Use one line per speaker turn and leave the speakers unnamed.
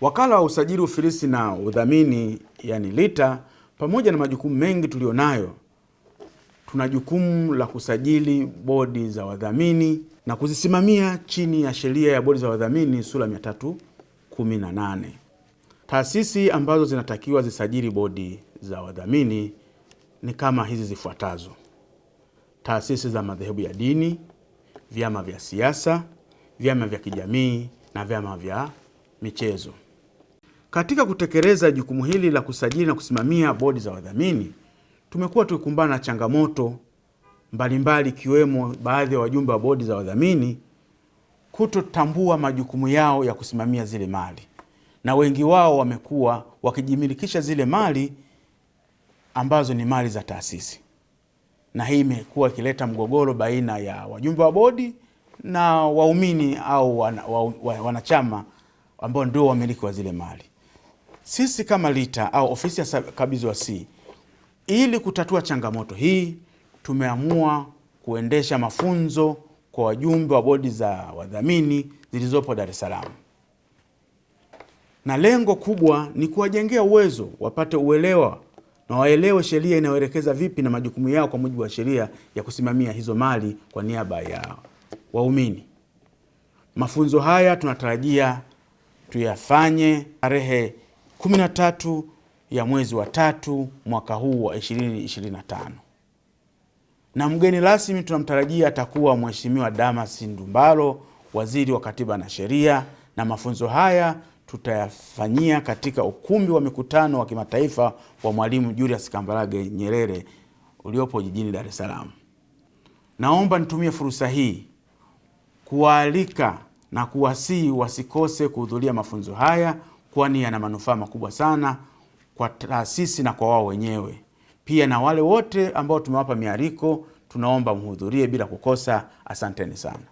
Wakala wa usajili ufilisi na udhamini, yani LITA, pamoja na majukumu mengi tuliyonayo, tuna jukumu la kusajili bodi za wadhamini na kuzisimamia chini ya sheria ya bodi za wadhamini sura 318. Taasisi ambazo zinatakiwa zisajili bodi za wadhamini ni kama hizi zifuatazo: taasisi za madhehebu ya dini, vyama vya siasa, vyama vya kijamii na vyama vya michezo. Katika kutekeleza jukumu hili la kusajili na kusimamia bodi za wadhamini, tumekuwa tukikumbana na changamoto mbalimbali ikiwemo baadhi ya wajumbe wa bodi za wadhamini kutotambua majukumu yao ya kusimamia zile mali, na wengi wao wamekuwa wakijimilikisha zile mali ambazo ni mali za taasisi, na hii imekuwa ikileta mgogoro baina ya wajumbe wa bodi na waumini au wanachama ambao ndio wamiliki wa zile mali sisi kama LITA au ofisi ya kabidhi wasii, ili kutatua changamoto hii, tumeamua kuendesha mafunzo kwa wajumbe wa bodi za wadhamini zilizopo Dar es Salaam, na lengo kubwa ni kuwajengea uwezo, wapate uelewa na waelewe sheria inayoelekeza vipi na majukumu yao kwa mujibu wa sheria ya kusimamia hizo mali kwa niaba ya waumini. Mafunzo haya tunatarajia tuyafanye tarehe 13 ya mwezi wa tatu mwaka huu wa 2025 na mgeni rasmi tunamtarajia atakuwa Mheshimiwa Damas Ndumbaro, waziri wa katiba na sheria, na mafunzo haya tutayafanyia katika ukumbi wa mikutano wa kimataifa wa Mwalimu Julius Kambarage Nyerere uliopo jijini Dar es Salaam. Naomba nitumie fursa hii kuwaalika na kuwasihi wasikose kuhudhuria mafunzo haya kwani yana manufaa makubwa sana kwa taasisi na kwa wao wenyewe pia. Na wale wote ambao tumewapa miariko tunaomba mhudhurie bila kukosa. Asanteni sana.